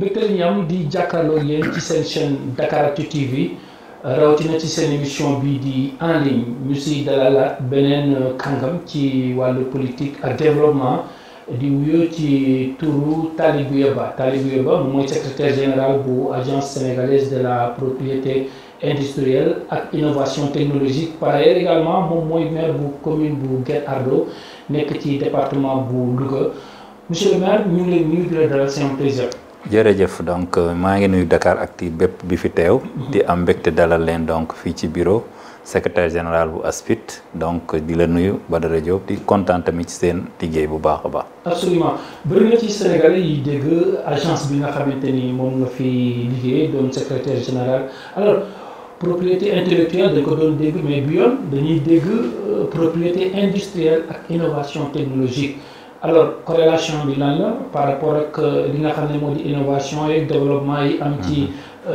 mbégte am di Jakarlo yéen ci sen chaîne TV rawatina ci sen émission bi di en ligne ñu Dalala benen kangam ci walu politique ak développement di wuyo ci turu Talibouya Ba Talibouya Ba secrétaire général bu agence sénégalaise de la propriété industrielle ak innovation technologique par ailleurs également moom mooy maire bu commune bu Guet Ardo nek ci département bu Louga monsieur le maire ñu ngi lay dalal c'est un plaisir. jërëjëf donc maa ngi nuyu Dakaractu bépp bi fi teew. di am mbégte dalal leen donc fii ci bureau secretaire général bu ASPIT donc di la nuyu Badara Diop di kontaan tamit ci seen liggéey bu baax a baax. absolument bëri na ci sénégalais yi dégg agence bi nga xamante ni moom nga fi liggéey doon secrétaire général alors propriété intellectuelle dañ ko doon dégg mais bi yoon dañuy dégg euh, propriété industrielle ak innovation technologique. alors corrélation bi lan la par rapport ak euh, li nga xamné ne di innovation et développement yi am ci mhm.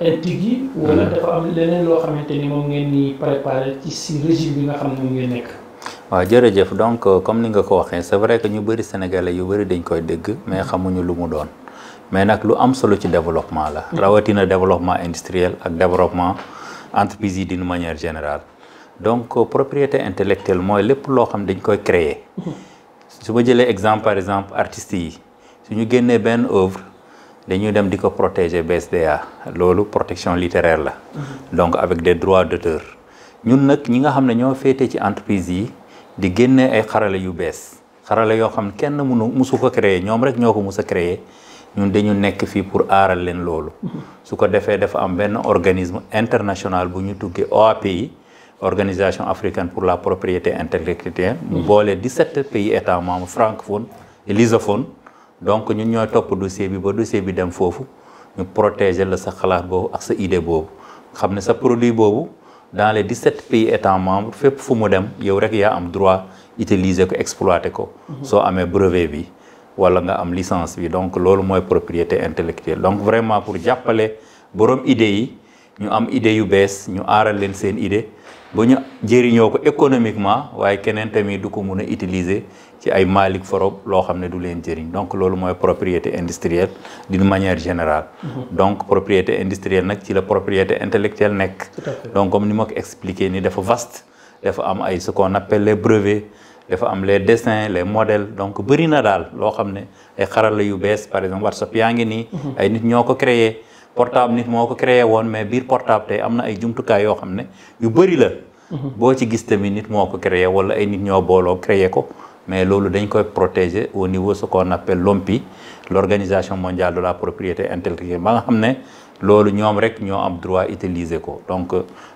euh yi wala mhm. dafa am leneen lo xamante ni moom ngeen ni préparer ci si régime bi nga xamné mo moom ngeen nekk waaw jërëjëf donc euh, comme ni nga ko waxee c'est vrai que ñu bëri sénégalais yu bëri dañ koy dégg mais mhm. xamuñu lu mu doon mais nak lu am solo ci développement la rawatina développement industriel ak développement entreprise yi d'une manière générale donc euh, propriété intellectuelle moy lepp lo xam dañ koy créer su ma jëlee exemple par exemple artistes yi su ñu génnee œuvre dañuy dem di protéger BSDA lolu protection littéraire la mhm. donc avec des droits d'auteur ñun nak ñi nga xam ne ñoo féete ci entreprise yi di génné ay xaralé yu bees xaralé yo xamné kenn mënu musu ko créer ñom rek ñoko musa créer ñun dañu nekk fi pour aral len lolu mhm. su ko defee dafa am ben organisme international bu ñu tuggee OAPI organisation africaine pour la propriété intellectuelle Nous avons 17 pays états membres francophones et lusophones donc nous avons top dossier bi ba dossier bi dem protéger le sa et boobu ak sa idée produit dans les 17 pays états membres il fu mu dem yow rek am droit utiliser et exploiter ko So amé brevet ou wala nga am licence donc c'est la propriété intellectuelle donc vraiment pour appeler borom idée nous avons am idée nous avons ñu idées ba ñu économiquement waaye keneen tamit du ko mun utiliser ci ay Malik Forob loo xam du leen jëriñ donc loolu mooy propriété industrielle d'une manière générale. Mhm. donc propriété industrielle nag ci la propriété intellectuelle Nek. donc comme ni ma ko expliqué ni dafa vaste dafa am ay ce qu'on appelle les brevets. dafa am les dessins les modèles donc bëri na daal loo xam ne ay xarala yu bees par exemple WhatsApp yaa ngi nii. Mhm. ay nit ñoo ko créé. portable nit moo ko créé woon mais biir portable tey am na ay jumtukaay yoo xam ne yu bëri la. Mhm. boo ci gis tamit nit moo ko créé wala ay nit ñoo booloo créé ko mais loolu dañ koy protéger au niveau ce ko nappel l'OMPI l'organisation mondiale de la propriété intellectuelle ba nga xam ne loolu ñoom rek ñoo am droit utiliser ko donc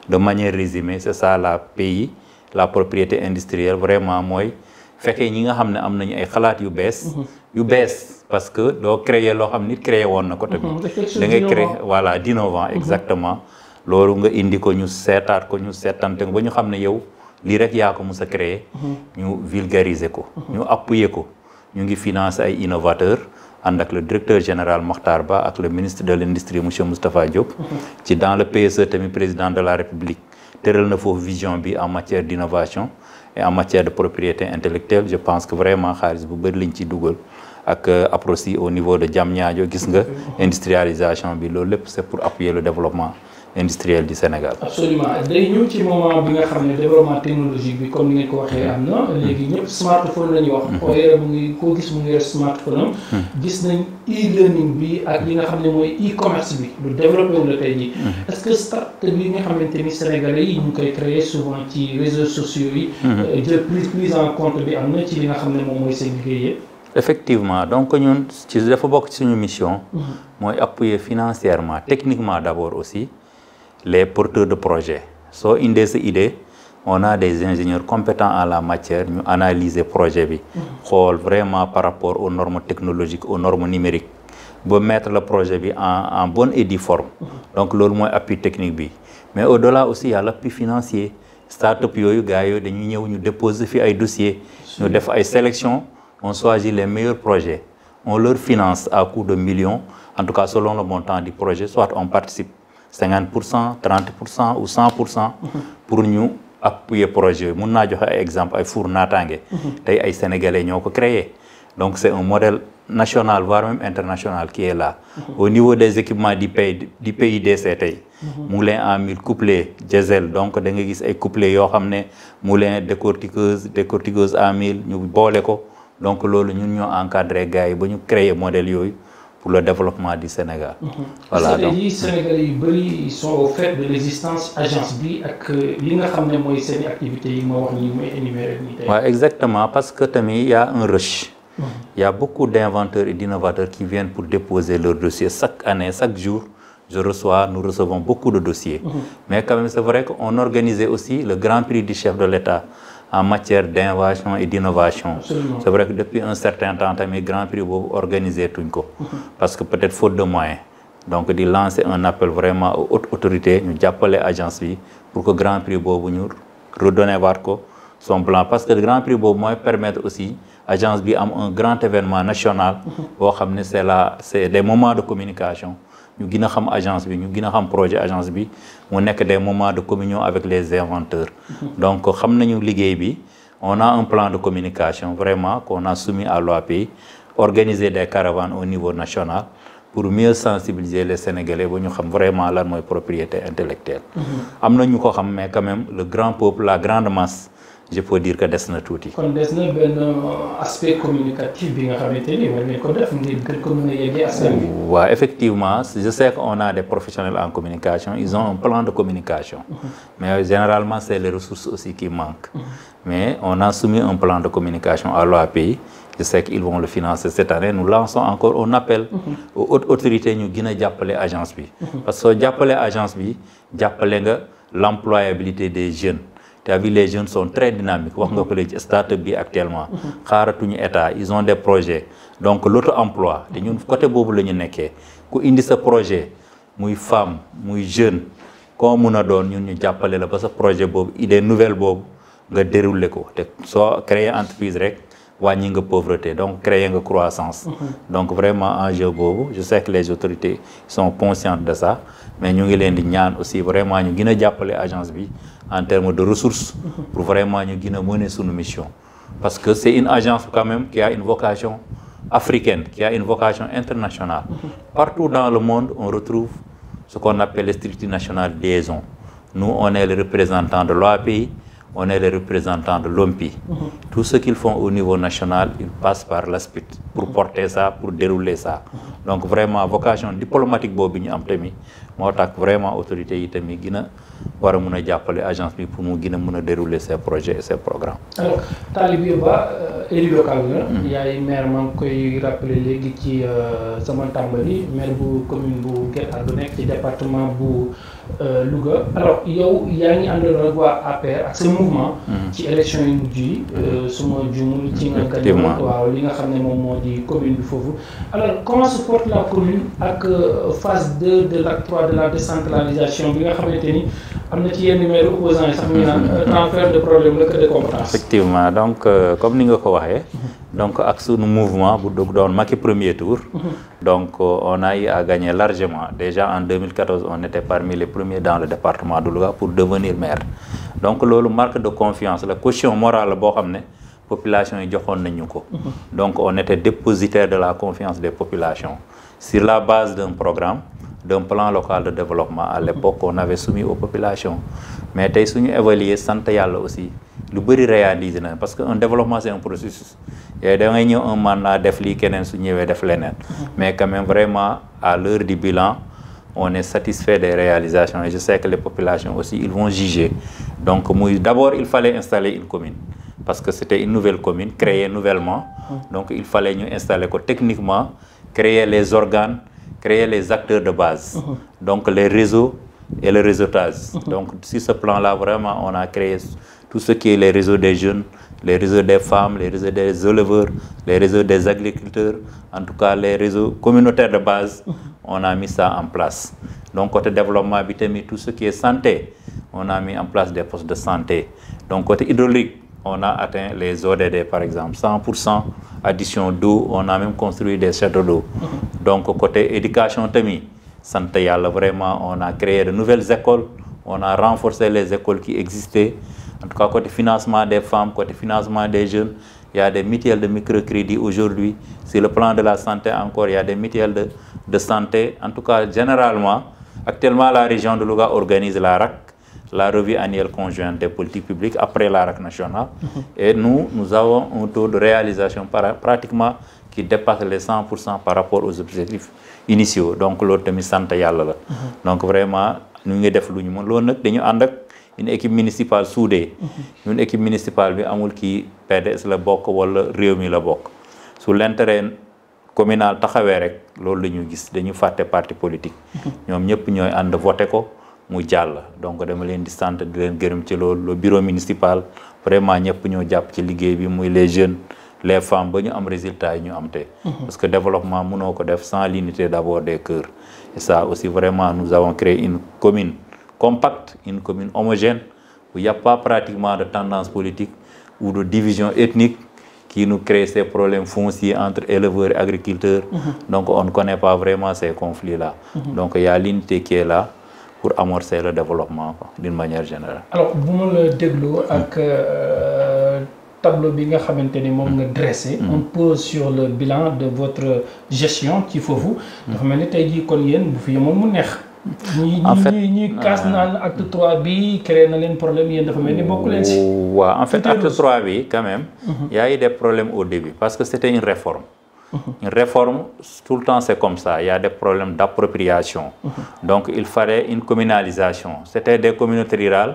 de manière résumée c'est ça la PI la propriété industrielle vraiment mooy fekkee ñi nga xam ne am nañu ay xalaat yu bees. Mhm. You best parce que do créer lo xam créer woon na tamit mhm. da ngay créer voilà d'innovant mhm. exactement loolu nga indi ko ñu seetaat ko ñu sétante ba ñu xam yow li rek ya ko mus créer mhm. ñu vulgariser ko ñu appuyer ko ñu ngi financer ay innovateurs and ak le directeur général Mokhtar Ba ak le ministre de l'industrie monsieur Moustapha Diop ci dans le PSE tamit président de la République tëral na foofu vision bi en matière d'innovation et en matière de propriété intellectuelle je pense que vraiment xaalis bu bëri liñ ci dugal ak euh, Aprosy au niveau de Diamniadio gis nga industrialisation bi loolu lépp c'est pour appuyer le développement industriel du Sénégal. absolument day ñëw ci moment bi nga xamné développement technologique bi comme ni ngeen ko waxé amna légui hmm. léegi smartphone la wax. koo hmm. yore mu ngi ko gis mu ngi smartphone hmm. gis nañ e-learning bi ak li nga xamné moy e-commerce bi lu développé wu tay ñi est-ce que start-up yi nga xamné ni sénégalais yi ñu koy créer souvent ci réseaux sociaux yi. Euh, jël plus prise en compte bi amna ci li nga xamné mom moy mooy effectivement donc ñun ci dafa bokk ci suñu mission. Mm-hmm. appuyer financièrement techniquement d'abord aussi les porteurs de projets. So, une des idées, on a des ingénieurs compétents en la matière analysons analyser projet bi. Mm-hmm. vraiment par rapport aux normes technologiques aux normes numériques pour mettre le projet en bonne et due forme. Mm-hmm. donc c'est mooy appui technique bi mais au delà aussi il y a l'appui financier start up les gars nous déposons dossiers. nous def sélection on choisit les meilleurs projets, on leur finance à coût de millions, en tout cas selon le montant du projet, soit on participe 50%, 30% ou 100% pour nous appuyer le projet. Je vais vous exemple, un four Natangé, les Sénégalais ont créé. Donc c'est un modèle national, voire même international qui est là. Au niveau des équipements du pays, du pays moulin à 1000 couplés, diesel, donc vous voyez des couplés, moulin décortiqueuse, décortiqueuse à mille, nous avons donc nous ñun ñoo encadré gars et créé un modèle pour le développement du Sénégal. Mhm. voilà donc Les Sénégalais sont au fait de l'existence agence bi ak euh, li nga ne activité yi exactement parce que il y' a un rush. Il mhm. y' a beaucoup d'inventeurs et d'innovateurs qui viennent pour déposer leurs dossiers. chaque année chaque jour. je reçois, nous recevons beaucoup de dossiers. Mhm. Mais quand même, c'est vrai qu'on organisait aussi le Grand Prix du chef de l'État en matière d'innovation et d'innovation. C'est vrai que depuis un certain temps, le Grand Prix boobu organisé tout mhm. parce que peut-être faute de moyens. donc de lancer un appel vraiment aux hautes autorités nous jàppale agence bi pour que Grand Prix Bob nous redonne son plan parce que le Grand Prix Bob permet permettre aussi agence bi un grand événement national. Pour mhm. ramener c'est des moments de communication. Nous gina xam agence bi ñu gina xam projet agence des moments de communion avec les inventeurs donc xam nañu bi on a un plan de communication vraiment qu'on a soumis à l'OAPI organiser des caravanes au niveau national pour mieux sensibiliser les Sénégalais pour nous xam vraiment la propriété intellectuelle mm-hmm. Nous quand même le grand peuple la grande masse je peux dire que c'est na tuuti. Euh, aspect communicatif bi nga ni effectivement je sais qu'on a des professionnels en communication ils ont un plan de communication. Mhm. mais généralement c'est les ressources aussi qui manquent. Mhm. mais on a soumis un plan de communication à l'OAPI je sais qu'ils vont le financer cette année nous lançons encore un appel mhm. aux autorités ñu Guinée agence parce que l'agence agence l'employabilité des jeunes tu les jeunes sont très dynamiques wax nga ko léegi ci start-up bi actuellement xaaratuñu état ils ont des projets donc l'auto-emploi te ñun côté bobu lañu ñu nekkee ku indi sa projet muy femme muy jeune ko mëna a doon ñun ñu jappalé la ba sa projet bobu idée nouvelle bobu nga déroulé ko té so créer entreprise rek wàññi nga pauvreté donc créer nga croissance mhm. donc vraiment enjeu bobu je sais que les autorités sont conscientes de ça mais ñu ngi leen di ñaan aussi vraiment ñu gën jappalé agence bi en termes de ressources pour vraiment nous sur mener mission parce que c'est une agence quand même qui a une vocation africaine qui a une vocation internationale partout dans le monde on retrouve ce qu'on appelle les structures nationales liaison nous on est les représentants de l'OAPI on est les représentants de l'OMPI. Mhm. Tout ce qu'ils font au niveau national, ils passent par l'ASPIT pour mhm. porter ça, pour dérouler ça. Mhm. Donc vraiment, vocation diplomatique, Bobigny Amtemi, moi, vraiment, l'autorité de Guinée. war a mun agence bi pour mu gën a dérouler ses projets et ses programmes. alors Talibé Ba euh, élu local a yaay maire maa ngi koy rappelé léegi ci euh, sama tàmbali maire bu commune bu Guet Ardo nekk ci département bu. Euh, Louga alors yow yaa ngi àndaloon ak waa APR ak ce mouvement. Mhm. ci élection yi mujj yi. Mhm. Euh, su ma juumul ci nga gañ waaw li nga xam ne moom commune bi foofu. alors comment se porte la commune ak euh, phase 2 de l'acte 3 de la décentralisation bi nga xamante ni am na ci yenn maire opposants yi sax ñu naan mhm. transfert de problème la de compétence. effectivement donc comme ni nga ko waxee donc avec mouvement bu a le premier tour mhm. donc on a eu à gagner largement déjà en 2014 on était parmi les premiers dans le département de pour devenir maire donc le marque de confiance la caution morale la population mhm. donc on était dépositaire de la confiance des populations sur la base d'un programme d'un plan local de développement à l'époque on avait soumis aux populations mais était suñu évaluer aussi lu bëri réaliser parce que développement c'est un processus Et da a un mandat def li kenen su def mais quand même vraiment à l'heure du bilan on est satisfait des réalisations et je sais que les populations aussi ils vont juger donc d'abord il fallait installer une commune parce que c'était une nouvelle commune créée nouvellement donc il fallait nous installer techniquement créer les organes créer les acteurs de base donc les réseaux et le réseautage mmh. donc sur ce plan là vraiment on a créé tout ce qui est les réseaux des jeunes, les réseaux des femmes, les réseaux des éleveurs, les réseaux des agriculteurs, en tout cas les réseaux communautaires de base, on a mis ça en place. Donc côté développement habitable, tout ce qui est santé, on a mis en place des postes de santé. Donc côté hydraulique, on a atteint les ODD par exemple, 100% addition d'eau, on a même construit des châteaux d'eau. Donc côté éducation, Temi, santé, vraiment, on a créé de nouvelles écoles, on a renforcé les écoles qui existaient. En tout cas, côté financement des femmes, côté financement des jeunes, il y a des métiers de microcrédit aujourd'hui. Sur le plan de la santé encore, il y a des métiers de, santé. En tout cas, généralement, actuellement, la région de Louga organise la RAC, la revue annuelle conjointe des politiques publiques après la RAC nationale. Mhm. Et nous, nous avons un taux de réalisation pratiquement qui dépasse les 100% par rapport aux objectifs initiaux. Donc, l'autre demi santé Donc, vraiment, nous avons fait ce nous avons une équipe municipale soudée mhm. une équipe municipale qui amul kii PDS la bokk wala réew mi la bokk l'intérêt communal c'est rek loolu nous ñu gis dañu fàtte parti politique Nous avons tous voté ko mu donc dama leen di sant di le bureau municipal vraiment ñep ñoo japp ci liguey bi muy les jeunes les femmes ba ñu am résultat ñu am mhm. parce que développement mëno ko def sans l'unité d'abord des cœurs et ça aussi vraiment nous avons créé une commune Compact, une commune homogène, où il n'y a pas pratiquement de tendance politique ou de division ethnique qui nous crée ces problèmes fonciers entre éleveurs et agriculteurs. Mhm. Donc on ne connaît pas vraiment ces conflits-là. Mhm. Donc il y a l'unité qui est là pour amorcer le développement d'une manière générale. Alors, vous le déglo avec mhm. euh, le tableau que vous avez dressé, on pose sur le bilan de votre gestion qu'il faut vous. Vous avez dit que vous avez en fait acte 3 bi quand même. Mhm. y a eu des problèmes au début parce que c'était une réforme. Mhm. Une réforme, tout le temps c'est comme ça. Il y a des problèmes d'appropriation. Mhm. Donc il fallait une communalisation. C'était des communautés rurales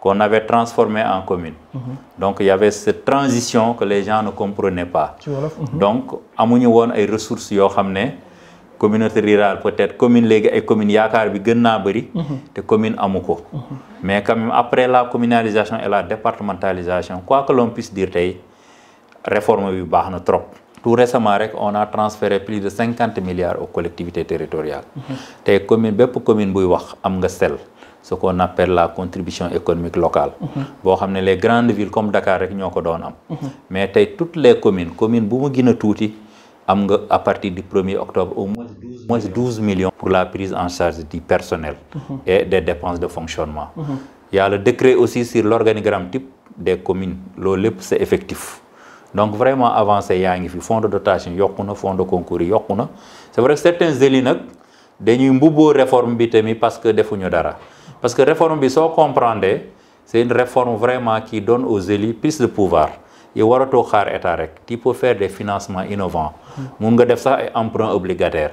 qu'on avait transformées en communes. Donc il y avait cette transition que les gens ne comprenaient pas. Donc, y eu des ressources qui ont communauté rurale peut-être commune léegi ay commune yaakaar bi gën naa bëri te commune amu ko mais quand après la communalisation et la départementalisation quoi que l'on puisse dire tey réforme bi baax na trop tout récemment rek on a transféré plus de cinquante milliards aux collectivités territoriales tey commune bépp commune buy wax am nga sel ce qu'on appelle la contribution économique locale boo xam ne les grandes villes comme Dakar rek ñoo ko doon am mhm. mais tey toutes les a tuuti à partir du 1er octobre au moins 12 millions pour la prise en charge du personnel mhm. et des dépenses de fonctionnement mhm. il y a le décret aussi sur l'organigramme type des communes Le LIP c'est effectif donc vraiment avancé y a un fonds de dotation a fonds de concours c'est vrai que certains élus ont dañuy mbubboo réforme bi parce que defuñu dara parce que la réforme si vous comprenez, c'est une réforme vraiment qui donne aux élus plus de pouvoir il faut état rek faire des financements innovants Il nga def des ay emprunt obligataire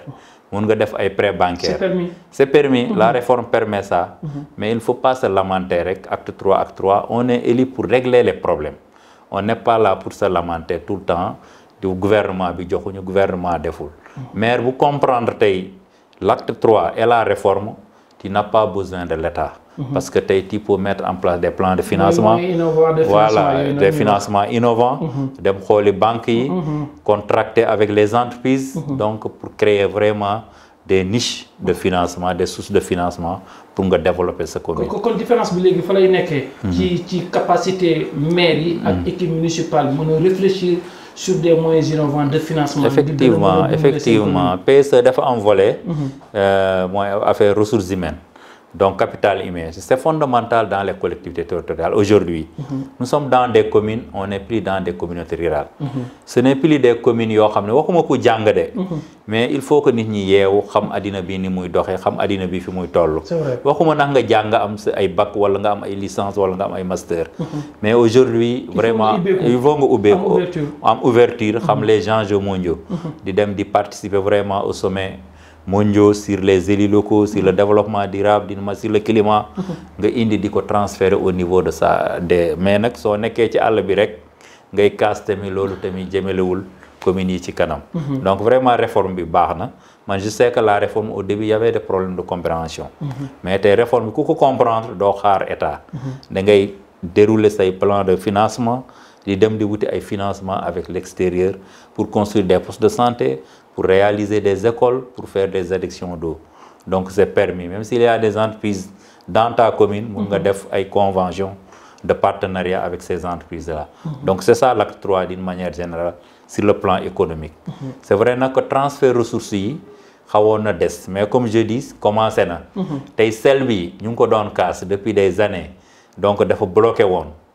mun nga def prêt bancaire c'est permis la mhm. réforme permet ça mhm. mais il ne faut pas se lamenter avec acte 3 acte 3 on est élu pour régler les problèmes on n'est pas là pour se lamenter tout le temps du gouvernement bi gouvernement deful mhm. maire comprendre l'acte 3 et la réforme tu n'as pas besoin de l'État. Mhm. Parce que tu peux mettre en place des plans de financement, des voilà, financements des financements innovants, mhm. des banques, mhm. contracter avec les entreprises, donc pour créer vraiment des niches de financement, des sources de financement pour développer ce donc Quelle différence bi léegi ci capacité mairie et municipale réfléchir sur des moyens de financement. Effectivement, effectivement. PSE a un volet. Mhm. Euh, faire ressources humaines. Donc, capital humain, c'est fondamental dans les collectivités territoriales. Aujourd'hui, nous sommes dans des communes, on n'est plus dans des communautés rurales. Ce n'est plus des communes qui ont été mais il faut que nous nous xam adina bi ni muy doxé xam adina bi fi muy tollu waxuma nak nga jang am ay bac wala nga am ay licence wala nga am ay master mais aujourd'hui vraiment ils vont nga am ouverture xam les gens mondio di dem di participer vraiment au sommet mondiaux sur les élus locaux sur le mhm. développement durable sur le climat mhm. nga indi diko transférer au niveau de sa de mais nak so nekké ci àll bi rek ngay kaas tamit loolu jëmelewul commune ci kanam mhm. donc vraiment la réforme est bonne. je sais que la réforme au début il y avait des problèmes de compréhension mais une réforme bi ku ko comprendre do xaar état da ngay dérouler ses plans de financement ils dem di wouti ay financement avec l'extérieur pour construire des postes de santé pour réaliser des écoles, pour faire des addictions d'eau. Donc c'est permis. Même s'il y a des entreprises dans ta commune, il y a une de partenariat avec ces entreprises-là. Mhm. Donc c'est ça l'acte 3 d'une manière générale sur le plan économique. Mhm. C'est vrai que le transfert de ressources, mais comme je dis, c'est commencé. Tay Selby, nous avons casse depuis des années. Donc, il faut bloquer.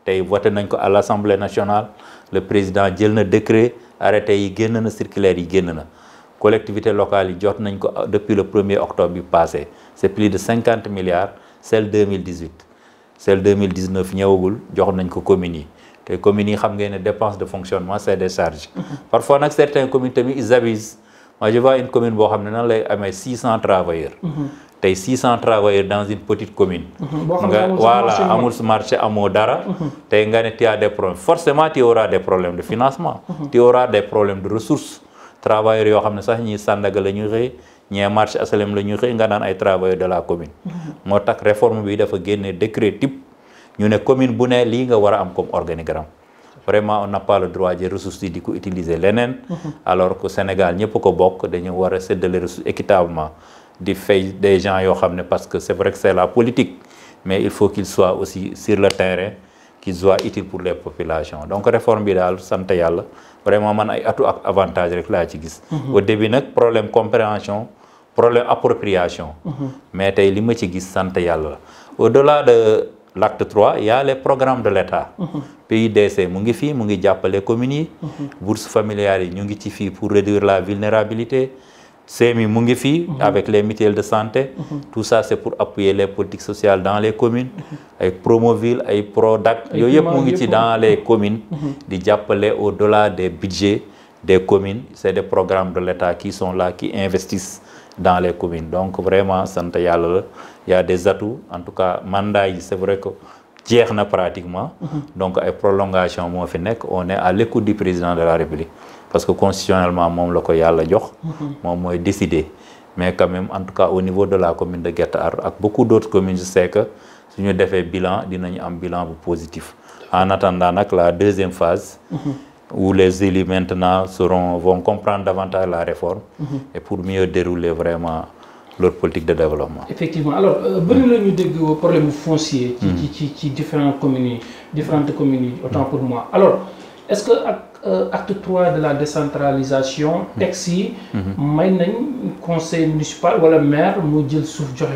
Tay voté à l'Assemblée nationale, le président a un décret, arrêté, il a circulaire, il collectivités locales depuis le 1er octobre passé c'est plus de 50 milliards celle 2018 celle 2019 celle jox nañ ko communes yi Les communes ont des dépenses de fonctionnement c'est des charges parfois certaines certains communes ils abusent moi je vois une commune qui a 600 travailleurs 600 travailleurs dans une petite commune mhm. voilà amul marché à dara mhm. tu as des problèmes forcément tu auras des problèmes de financement mhm. tu aura des problèmes de ressources travailleurs yoo xam ne sax ñii Sandaga la ñuy xëy ñee marché asalem la ñuy xëy nga naan ay travailleurs de la commune mhm. moo tax réforme bi dafa génne décret type ñu ne commune bu ne lii nga war a am comme organigramme vraiment on n'a pas le droit jël ressources yi di ko utiliser leneen mhm. alors que Sénégal ñëpp ko bokk dañu war a séddale ressources équitablement di fay des gens yoo xam ne parce que c'est vrai que c'est la politique mais il faut qu'il soit aussi sur le terrain qui soit utile pour les populations donc réforme bi santé yalla, vraiment man ay atu ak avantage rek la ci gis. Mhm. au début nag problème compréhension problème appropriation. Mhm. mais tey li ma ci gis santé yalla. au delà de l'acte 3, il y a les programmes de l'État. Le mhm. PIDC mu ngi fii mu des communes Les bourses familiales yi pour réduire la vulnérabilité semi mhm. avec les mutuelles de santé mhm. tout ça c'est pour appuyer les politiques sociales dans les communes mhm. avec Promoville avec Prodac dans les communes au-delà des budgets des communes c'est des programmes de l'État qui sont là qui investissent dans les communes donc vraiment il y a des atouts en tout cas mandat c'est vrai que pratiquement donc prolongation on est à l'écoute du président de la République parce que constitutionnellement mon local ko mhm. mais quand même en tout cas au niveau de la commune de Guettard, avec beaucoup d'autres communes je sais que nous fait un bilan avons un bilan positif. en attendant avec la deuxième phase. Mhm. où les élus maintenant seront vont comprendre davantage la réforme. Mhm. et pour mieux dérouler vraiment. leur politique de développement. Effectivement. Alors, euh, bëri mm. nous dégg problème foncier. ci mm. différentes communes communes autant mm. pour moi alors est-ce que euh, acte 3 de la décentralisation. Mmh. texte mmh. conseil municipal ou le maire mu jël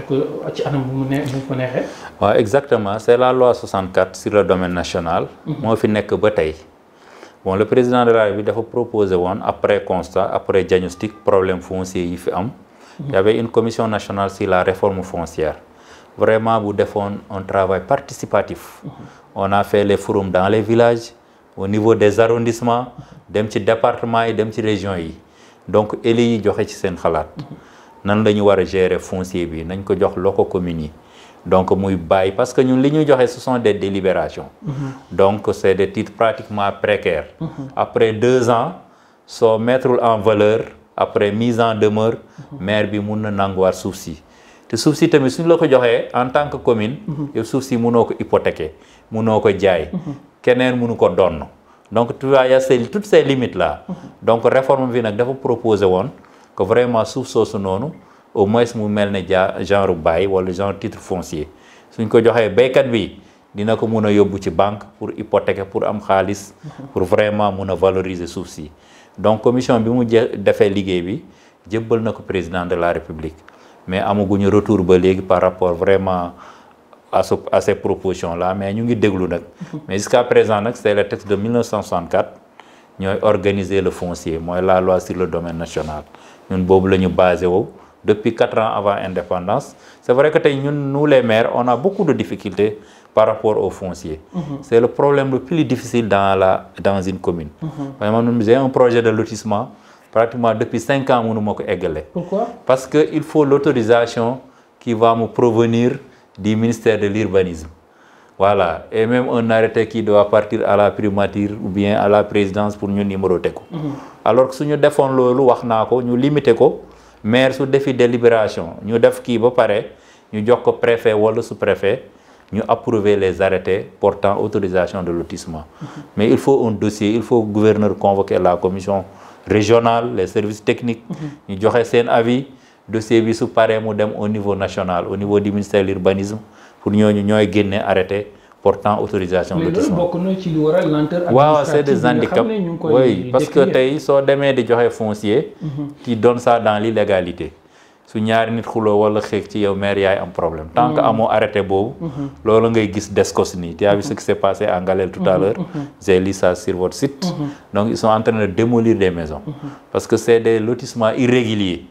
que que exactement c'est la loi 64 sur le domaine national. Mmh. moi fi nekk ba Bataille. bon le président de la République a proposé après constat après diagnostic problème foncier il y avait une commission nationale sur la réforme foncière. vraiment vous fait un travail participatif. on a fait les forums dans les villages au niveau des arrondissements dem ci département des dem ci région yi donc elle yi joxe ci sen xalaat nan la wara gérer foncier bi nañ ko jox loko commune donc muy parce que ñun li ce sont des délibérations mm-hmm. donc c'est des titres pratiquement précaires mm-hmm. après deux ans so mettre en valeur après mise en demeure mm-hmm. maire bi mun des soucis. te suuf si tamit suñ la ko joxee en tant que commune mhm. suuf si munoo ko hypothéquer mënoo ko jaay mhm. keneen mënu ko donn donc tu vois tout a ces toutes mhm. donc réforme bi nag dafa proposé woon que vraiment suuf soosu noonu au moins mu mel ne jaa genre bail wala genre titre foncier suñ ko joxee baykat bi dina ko mun a yóbbu ci banque pour hypothéquer pour am xaalis pour vraiment mun a valoriser suuf si donc commission bi mu defee liggéey bi jébbal na ko président de la république mais amaguñu retour ba par rapport vraiment à ces propositions là mais nous, ngi déglu mais jusqu'à présent c'est le texte de 1964 avons organisé le foncier moi la loi sur le domaine national Nous, avons basé depuis quatre ans avant l'indépendance. c'est vrai que nous les maires on a beaucoup de difficultés par rapport au foncier. Mm-hmm. c'est le problème le plus difficile dans la dans une commune. Mm-hmm. nous mm j'ai un projet de lotissement pratiquement depuis 5 ans je nous ko pourquoi parce qu'il faut l'autorisation qui va me provenir du ministère de l'urbanisme voilà et même un arrêté qui doit partir à la primature ou bien à la présidence pour nous numéroter mhm. alors que si nous défendons le nous nous limitons. ñu limiter ko maire su de délibération ñu def qui ba pareil. ñu jox le préfet le sous-préfet nous approuver les arrêtés portant autorisation de lotissement mhm. mais il faut un dossier il faut le gouverneur convoquer la commission régional les services techniques mhm. ñu joxe seen avis dossier est au niveau national au niveau du ministère de l'urbanisme pour nous, ñooy arrêter, arrêté portant autorisation lotissement loolu c'est des handicaps oui parce que ce sont des di foncier mhm. qui donne ça dans l'illégalité si ñaari nit xuloo wala xeex ci yow maire yaay am problème tant que mm-hmm. amoo arrêté boobu mm-hmm. loolu ngay gis descos ni. tu as vu mm-hmm. ce qui s'est passé à Ngalel tout à l'heure j'ai lu ça sur votre site donc ils sont en train de démolir des maisons parce que c'est des lotissements irréguliers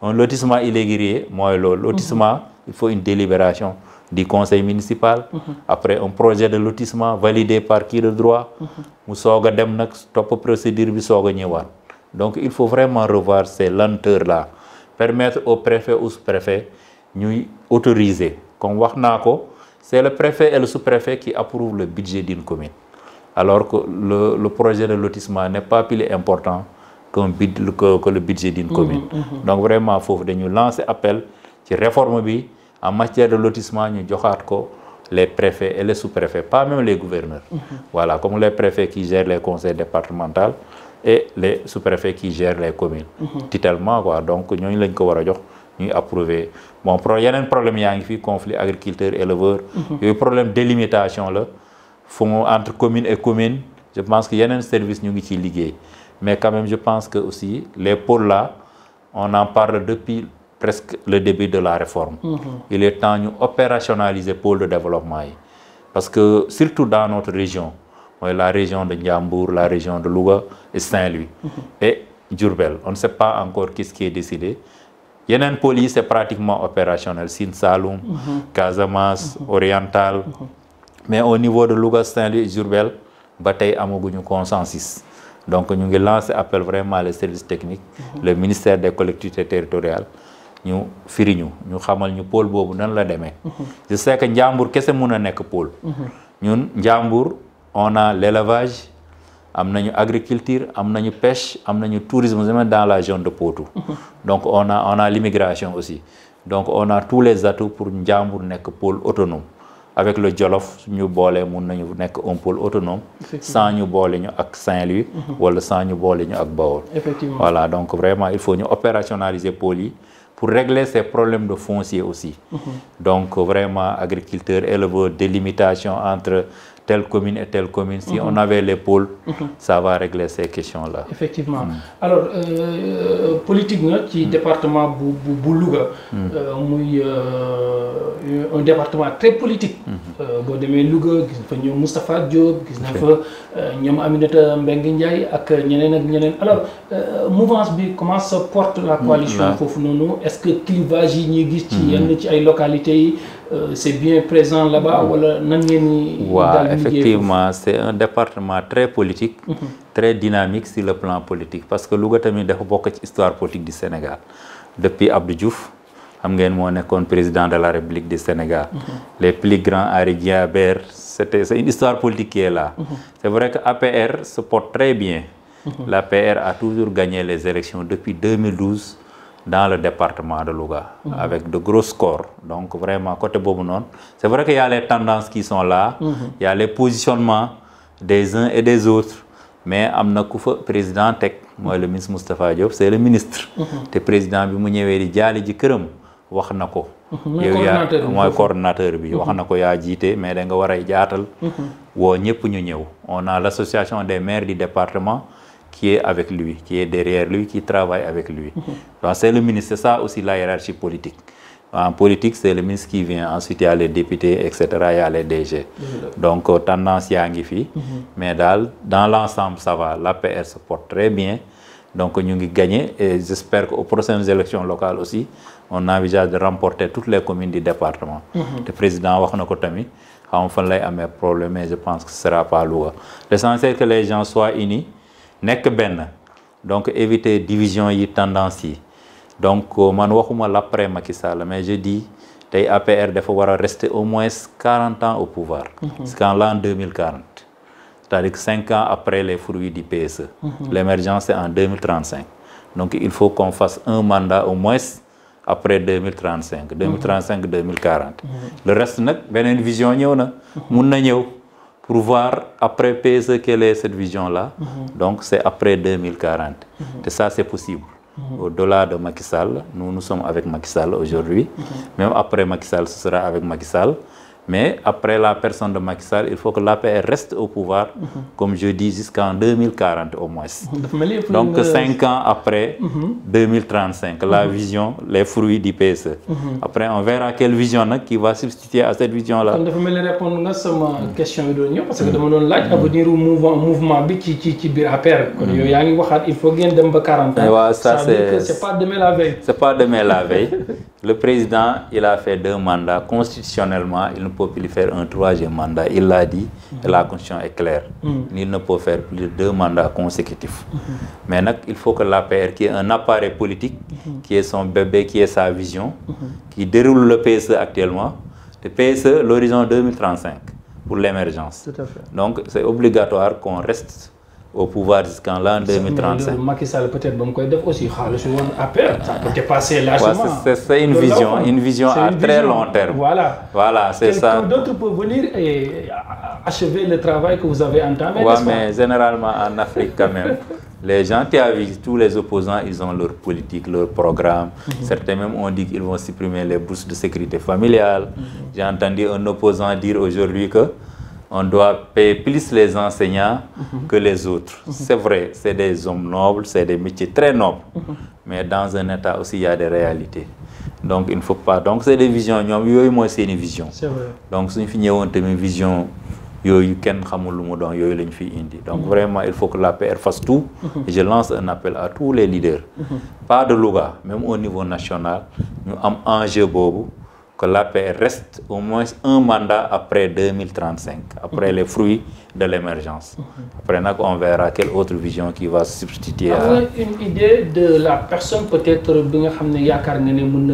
un lotissement irrégulier lotissement il faut une délibération du conseil municipal après un projet de lotissement validé par qui le droit mu soog dem nag topp procédure bi soog a donc il faut vraiment revoir ces lenteurs là permettre au préfet ou sous-préfet d'autoriser, autoriser comme on c'est le préfet et le sous-préfet qui approuvent le budget d'une commune alors que le, projet de lotissement n'est pas plus important que, le budget d'une mmh, commune mmh, mmh. donc vraiment que nous lancer appel qui réforme en matière de lotissement nous avons les préfets et les sous-préfets pas même les gouverneurs voilà comme les préfets qui gèrent les conseils départementaux et les sous-préfets qui gèrent les communes. Mhm. Totalement, quoi donc nous, avons ko war a jox ñuy approuver bon a un problème y conflit agriculteur éleveur. Mhm. un problème délimitation là. font entre communes et communes. je pense qu'il y a un service qui est lié. mais quand même je pense que aussi les pôles là on en parle depuis presque le début de la réforme. Mhm. il est temps d'opérationnaliser les pôles de développement parce que surtout dans notre région la région de Ndiambour la région de Louga et Saint-Louis mhm. et Djurbel. on ne sait pas encore qu'est-ce qui est décidé Il y a une police pratiquement opérationnelle. sint Saloum mhm. Casamance mhm. Oriental mais au niveau de Louga Saint-Louis Djurbel, bataille a un consensus donc nous avons lancé appel vraiment les services techniques le ministère des collectivités territoriales nous firi ñu ñu xamal ñu pôle boobu nan la demee je sais que qu'est-ce que a nekk pôle ñun Ndiambour, on a l'élevage a l'agriculture, agriculture a pêche a le tourisme dans la zone de Potou donc on a on a l'immigration aussi donc on a tous les atouts pour être un pôle autonome avec le Jolof ñu boole être un pôle autonome sans ñu boole ñu ak Saint-Louis mhm. wala sans ñu boole ñu ak Effectivement. voilà donc vraiment il faut ñu opérationnaliser pôle pour régler ces problèmes de foncier aussi mhm. donc vraiment agriculteurs éleveurs délimitation entre telle commune et telle commune. Si mhm. on avait l'épaule, mhm. ça va régler ces questions-là. Effectivement. Mhm. Alors, euh, politique, qui département bu bu euh, euh, un département très politique. Il y euh, Louga gis na Moustapha Diop il na fa euh, Aminata Mbengue Ndiaye ak ñeneen alors mouvance comment se porte la mm, coalition foofu Nounou est-ce que clivage yi ñuy ci mm. localités euh, c'est bien présent là-bas wala effectivement c'est un département très politique mhm. très dynamique sur le plan politique parce que Louga a beaucoup bokk politique du Sénégal depuis Abdou Diouf il ngeen comme président de la République du Sénégal mhm. les plus grands Aridia, Ber, c'était c'est une histoire politique qui est là mhm. c'est vrai que l'APR se porte très bien l'APR a toujours gagné les élections depuis 2012 dans le département de Louga, mhm. avec de gros scores. Donc vraiment, côté Bobunon, c'est vrai qu'il y a les tendances qui sont là, il mhm. y a les positionnements des uns et des autres, mais amna le président tech moi le ministre Moustapha Diop, c'est le ministre. Mhm. Té président bi mu ñëwé di jali ji kërëm wax nako. ko. coordinateur coordonnateur bi wax nako ko jité mais da nga war a jaatal wo ñëpp ñu ñëw on a l'association des maires du département qui est avec lui, qui est derrière lui, qui travaille avec lui. Mhm. c'est le ministre, c'est ça aussi la hiérarchie politique. En politique, c'est le ministre qui vient. Ensuite, il y a les députés, etc. Il y a les DG. Mhm. Donc, euh, tendance, il y a Mais dans l'ensemble, ça va. L'APR se porte très bien. Donc, nous avons gagné. Et j'espère qu'aux prochaines élections locales aussi, on envisage de remporter toutes les communes du département. Le mhm. président y a un problème, mais je pense que ce ne sera pas lourd. L'essentiel, que les gens soient unis nek ben, donc éviter division yi tendance yi donc euh, man waxuma l'après Macky Sall mais je dis que APR doit rester au moins 40 ans au pouvoir mhm. jusqu'en l'an 2040. c'est-à-dire 5 ans après les fruits du PSE mhm. l'émergence est en 2035. donc il faut qu'on fasse un mandat au moins après 2035 2035 2040 le reste nag une vision pour voir après PSE quelle est cette vision-là. Mhm. Donc c'est après 2040. Mhm. Et ça, c'est possible. Mhm. Au-delà de Macky Sall, nous, nous sommes avec Macky Sall aujourd'hui. Même après Macky ce sera avec Macky Sall. Mais après la personne de Macky Sall, il faut que l'APR reste au pouvoir, mm -hmm. comme je dis, jusqu'en 2040 au moins. Donc, cinq ans après, mm -hmm. 2035, la mhm. vision, les fruits du PSE. Mhm. Après, on verra quelle vision là, qui va substituer à cette vision-là. Je vais répondre à cette question, parce que je me demande avenir au mouvement, mouvement qui est APR. Mhm. Il faut gagner 40 ans. ça, c'est pas demain la veille. C'est pas demain la veille. Le président, il a fait deux mandats. Constitutionnellement, il ne peut plus faire un troisième mandat. Il l'a dit, et mhm. la constitution est claire. Mhm. Il ne peut faire plus de deux mandats consécutifs. Mhm. Maintenant, il faut que l'APR, qui est un appareil politique, qui est son bébé, qui est sa vision, qui déroule le PSE actuellement, le PSE, l'horizon 2035 pour l'émergence. Donc, c'est obligatoire qu'on reste au pouvoir jusqu'en l'an 2035. Macky Sall peut-être aussi ça peut passer c'est c'est une vision une vision à très long terme. voilà voilà c'est ça. quelqu'un d'autre venir et achever le travail que vous avez entamé. Oui, mais généralement en Afrique quand même. Les gens, tu as tous les opposants, ils ont leur politique, leur programme. Mhm. Certains même ont dit qu'ils vont supprimer les bourses de sécurité familiale. Mhm. J'ai entendu un opposant dire aujourd'hui que on doit payer plus les enseignants que les autres. C'est vrai, c'est des hommes nobles, c'est des métiers très nobles, mais dans un État aussi, il y a des réalités. Donc, il ne faut pas. Donc, c'est des visions. Nous moi c'est une vision. Donc, si nous avons une vision, nous avons xamul lu mu une lañ indi donc mhm. vraiment il faut que la l'APR fasse tout mhm. et je lance un appel à tous les leaders mhm. pas de Louga même au niveau national avons un enjeu la paix reste au moins un mandat après 2035, après les fruits de l'émergence. Après, on verra quelle autre vision qui va substituer. À... Avez une idée de la personne peut-être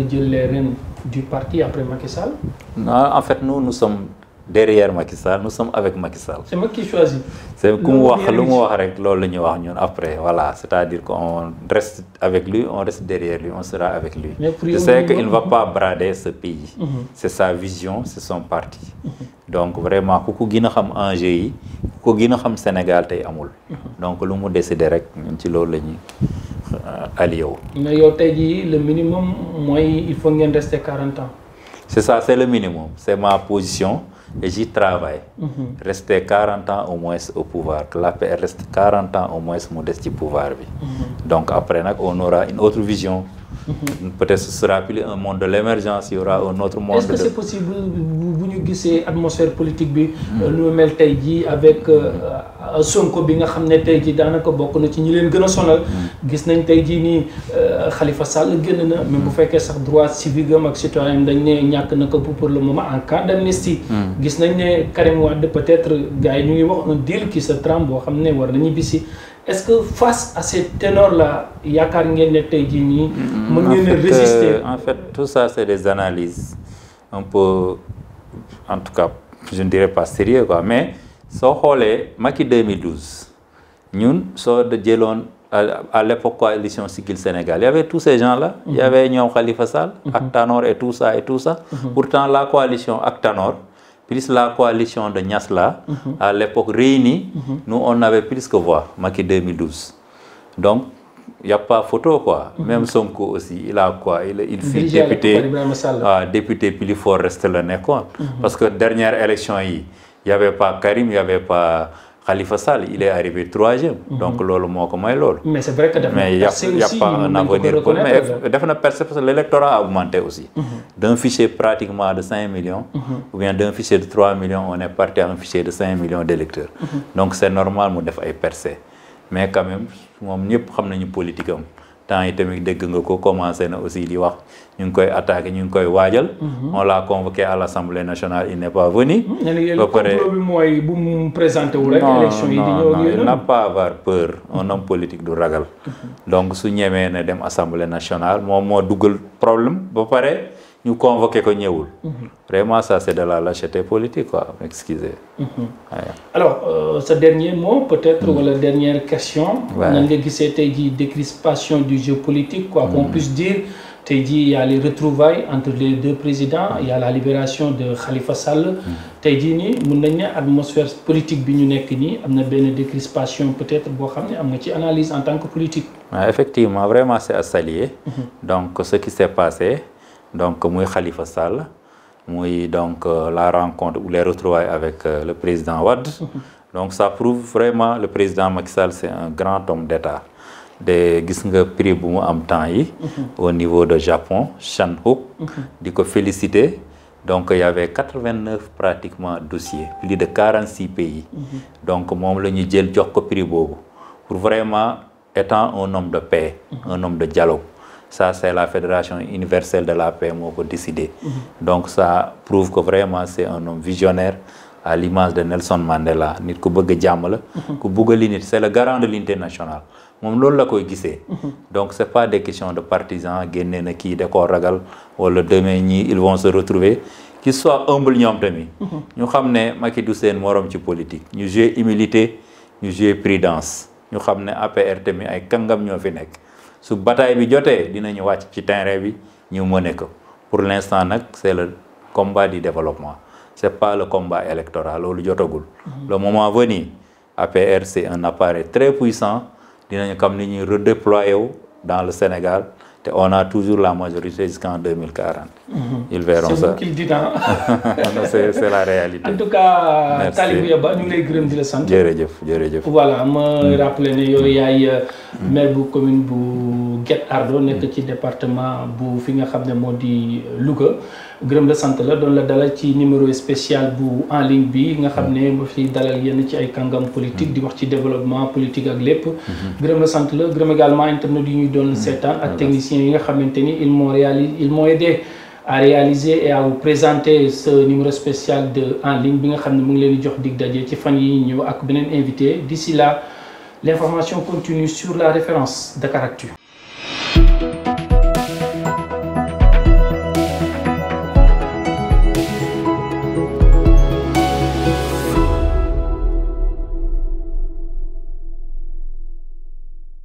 qui les rênes du parti après Macky Sall Non, en fait, nous, nous sommes derrière Macky Sall nous sommes avec Macky Sall. c'est moi qui choisis. c'est comme wax lu mu wax rek loolu lañu wax ñun après voilà c'est-à-dire qu'on reste avec lui on reste derrière lui on sera avec lui. je sais qu'il ne va pas brader ce pays. Mhm. c'est sa vision c'est son parti. Mhm. donc vraiment ku ko gën xam enjeu yi ku ko gina xam Sénégal tay amul. Mhm. donc lu mu décider rek ñun ci loolu lañu ñuy euh, mais yow tay ji le minimum moy il faut ngeen rester 40 ans. c'est ça c'est le minimum c'est ma position. Et j'y travaille. Mhm. Rester 40 ans au moins au pouvoir. Que paix reste 40 ans au moins modeste au pouvoir. Mhm. Donc après, on aura une autre vision Mhm. peut-être sera plus un monde de l'émergence il y aura un autre monde. est-ce que c'est possible bu ñu gisee atmosphère politique bi. Mhm. Euh, lu mel tey avec euh, euh, Sonko bi nga xam ne tey jii daanaka bokk na ci ñi leen gën sonal. Mhm. gis nañ tey jii Khalifa Sall génn na même bu fekkee sax droit civique am ak citoyen dañ ne ñàkk na ko pour le moment en cas d'amnistie. gis nañ ne Karim Wade peut-être gars yi ñu ngi wax un deal qui se trame boo xam ne war nañu bisi est-ce que face à ces ténors-là, Yakar a quelqu'un qui jii nii. Mm-hmm. mën ngeen résister euh, en fait tout ça c'est des analyses un peu en tout cas je ne dirais pas sérieux quoi mais on regarde, en 2012 ñun de jëloon à l'époque coalition sikil Sénégal il y avait tous ces gens-là. il mm-hmm. y avait ñoom Khalifa Sall. ak mm-hmm. et tout ça et tout ça. pourtant la coalition ak Tanor plus la coalition de Niasla, mhm. à l'époque réunie, mhm. nous on avait plus que voix, Maki 2012. Donc, il n'y a pas photo quoi. Mhm. Même Sonko aussi, il a quoi Il, il député, ah, député plus rester le nez Parce que dernière élection, il n'y avait pas Karim, il n'y avait pas Khalifa Sall il est arrivé 3 troisième. Mhm. donc loolu moo ko may l'autre. mais c'est vrai que def il a, mais y' a pas un avenir pour mais Il parce que l'électorat a augmenté aussi. Mhm. d'un fichier pratiquement de 5 millions. Mhm. ou bien d'un fichier de 3 millions on est parti à un fichier de 5 millions d'électeurs. donc c'est normal mu def ay mais quand même nous, ñëpp xam politiques, politique temps yi tamit dégg nga ko commencé na aussi di wax ñu ngi koy attaqué ñu ngi koy waajal. Mhm. on l'a convoqué à l'Assemblée nationale il n'est pas venu. Mhm. ba pare mooy bu mu présenté wu rek. élection yi di ñëw non il n'a peur un homme politique du ragal. Mhm. donc su ñemee ne dem Assemblée nationale moom moo duggal problème ba pare. ñu convoqué ko ñëwul. vraiment ça c'est de la lâcheté politique quoi excusez. Mhm. alors euh, ce dernier mot peut-être ou mhm. la dernière question. nan dit que c'était décrispation du jeu politique quoi qu'on mhm. puisse dire. Il il y a les retrouvailles entre les deux présidents il y a la libération de Khalifa Sall. tu jii nii mun nañ atmosphère politique bi ñu nekk y a décrispation peut-être boo xam ne une analyse en tant que politique. effectivement vraiment c'est à s'allier. donc ce qui s'est passé donc muy Khalifa Sall muy donc euh, la rencontre ou les retrouvailles avec euh, le président Wad donc ça prouve vraiment le président Macky Sall c'est un grand homme d'État Des gis nga mhm. au niveau de Japon Shanhook mhm. dit féliciter donc il y avait 89 pratiquement dossiers plus de 46 pays mhm. donc la pour vraiment étant un homme de paix un homme de dialogue ça c'est la fédération universelle de la paix qui a décidé. donc ça prouve que vraiment c'est un homme visionnaire à l'image de Nelson Mandela nit a la. c'est le garant de l'unité nationale moom loolu la koy gisee. donc n'est pas des questions de partisans génne qui kii da ou ragal wala demain ils vont se retrouver qu'ils soient humbles nous, tamit. ñu que Makidou Macky du seen morom ci politique Nous jouons humilité ñu jouons prudence ñu xam ne APR tamit ay kàngam ñoo fi su bataille bi Joté, dinañu wacc ci terrain bi ñu mëne ko pour l'instant nak c'est le combat du développement c'est pas le combat électoral lolu jotagul mhm. le moment venu APR c'est un appareil très puissant dinañu comme ni ñuy redéployer dans le Sénégal on a toujours la majorité jusqu'en 2040. Mhm. Ils verront ça. Hein. C'est C'est la réalité. En tout cas, Talibou Yaba, nous les grimmes de la santé. Voilà, je me rappelle que vous maire de la commune Guet Ardo nek ci département bu fi nga xamné modi Louga gërëm la sant la don la dalal ci numéro spécial bu en ligne bi nga xamné ne fi dalal yenn ci ay kangam politique di wax ci développement politique ak lépp mhm. gërëm la sant la gërëm également internet yi ñuy doon mhm. seetaan ak techniciens yi nga xamanté ni ils m'ont réalisé ils m'ont aidé à réaliser et à vous présenter ce numéro spécial de en ligne bi nga xamné ne mu ngi leen di jox dig dajé ci fan yi ñëw ak benen invité d'ici là l'information continue sur la référence Dakaractu